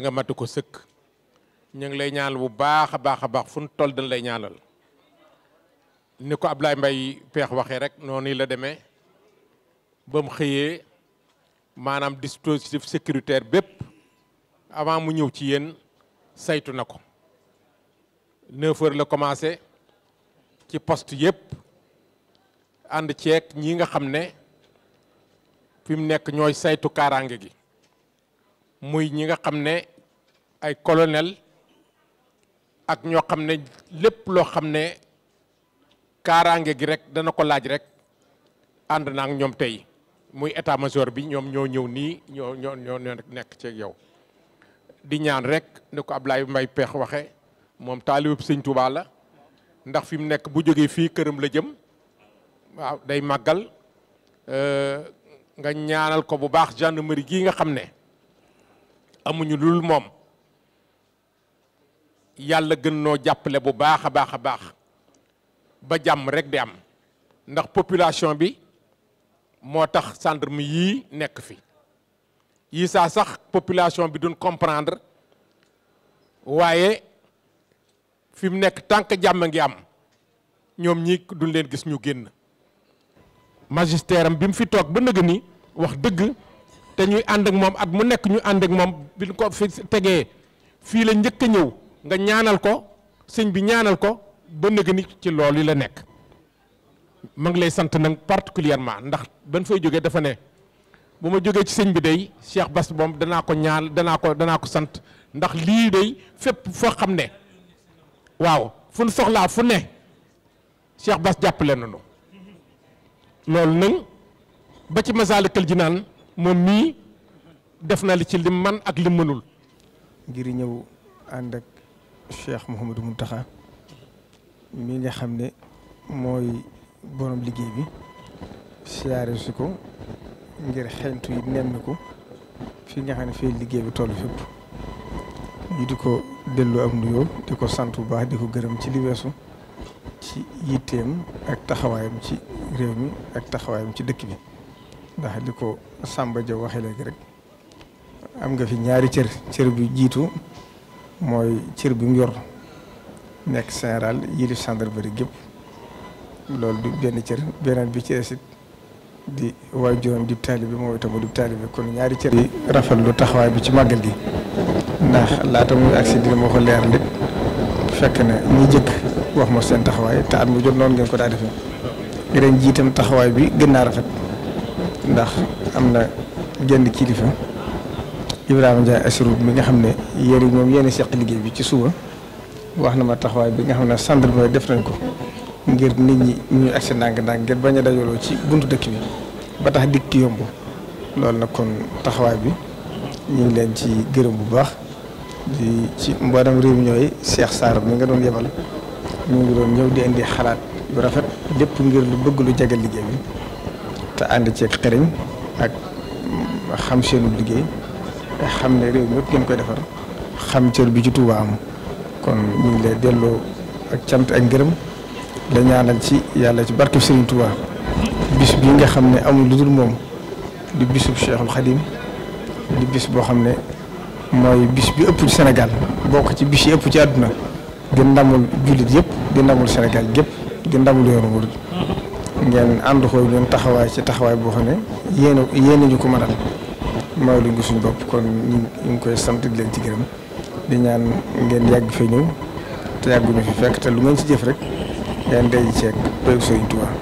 nga mat ko sëkk ñu ngi lay ñaanal bu baax a baax a baax fu nu toll dañ lay ñaanal ni ko Ablaye mbay peex waxee rek noonu la demee ba mu xëyee maanaam dispositif sécuritaire bépp avant mu ñëw ci yéen saytu na ko neuf la commencé ci post yëpp ànd ceeg ñi nga xam ne fi nekk ñooy saytu kaaraange gi muy ñi nga xam ne ay colonel ak ñoo xam ne lépp loo xam ne kaaraange gi rek dana ko laaj rek ànd naa ak ñoom tey muy état major bi ñoom ñoo ñëw nii ñoo ñoo ñoo nekk ci yow. di ñaan rek ni ko Ablaye may Peex waxe moom taalibub Sëñ Tuubaa la ndax fi mu nekk bu jógee fii këram la jëm waaw day màggal euh, nga ñaanal ko bu baax gendarmerie gii nga xam ne amuñu lul moom. yàlla gën noo jàppale bu baax a baax a baax ba jàmm rek di am ndax population bi moo tax gendarme yii nekk fi yii saa sax population bi duñ comprendre waaye fi mu nekk tànk jàmm ngi am ñoom ñi duñ leen gis ñu génn magistère am bi mu fi toog ba nëgg ni wax dëgg te ñuy ànd moom at mu nekk ñu ànd moom bi biñ ko fi tegee fii la njëkk ñëw nga ñaanal ko sëñ bi ñaanal ko ba nëgë ni ci lool yi la nekk ma ngi lay sant nag particulièrement ndax ban fay jóge dafa ne bu ma jógee ci sëñ bi day Cheikh Bass moom danaa ko ñaan danaa ko danaa ko sant ndax lii day fépp foo xam ne waaw fu soxlaat fu ne Cheikh Bass jàppale nañu loolu nag ba ci Masaalikul Jinaan moom mii def na li ci lim man ak lim mënul ngir ñëw ànd Cheikh Mouhamadou Mountakha mi nga xam ne mooy borom liggéey bi siyaare si ko ngir xentu yi nemm ko fi nga xam ne fii liggéey bi toll fépp ñu di ko delloo am nuyoo di ko sant bu baax di ko gërëm ci li weesu ci yitteem ak taxawaayam ci réew mi ak taxawaayam ci dëkk bi ndax li ko Samba Jaw waxee léegi rek am nga fi ñaari cër cër bi jiitu mooy cër bi mu yor nekk général yilif gendarmerie gépp loolu du benn cër beneen bi ci des it di waay juróom di taalibe mooy itam di taalibe kon ñaari cër rafet lu taxawaay bi ci màggal gi ndax laata muy accident moo ko leer lépp fekk na ñi jëkk wax ma seen taxawaay te at mu jot noonu ngeen ko daa defee ren jiitam taxawaay bi gën naa rafet ndax am na genn kilifa ibrahim Ndiaye asru mi nga xamne yeri mom yene sekk a bi ci suba wax na ma taxaway bi nga xamne ne boy def nañ ko ngir nit ñi ñu accé nang nang ngir baña dajolo ci buntu dekk bi ba tax dik ti yombu lool na kon taxaway bi ñu ngi leen ci gëreem bu baax di ci mbaram réunion ñoy Cheikh sar mi nga doon yebal ñu ngi doon ñew di indi xalaat yu rafet lepp ngir lu bëgg lu jagal liggéey bi ta and ci xereñ ak xam seenu liggéey. xam ne réew mi yëpp ngeen koy defar xam cër bi ci Touba am kon ñu ngi lay delloo ak cant ak ngërëm la ñaanal ci yàlla ci barkeb Serigne Touba bis bi nga xam ne amul lu dul moom di bisub Cheikhul Khadim di bis boo xam ne mooy bis bi ëpp ci Sénégal bokk ci bis yi ëpp ci àdduna di ndamul jullit yëpp di ndamul senegal gépp di ndamul yoonu murid ngeen ànd ko ñun taxawaay ci taxawaay boo xam ne yéen yéen ñu ko mënal may lu suñu bopp kon ñu ñu ngi koy sant leen ci gërëm di ñaan ngeen yàgg fee ñëw te yàgguñu fi fekk te lu ngeen ci jëf rek ngeen day ceeg béykat Sëriñ Tuubaa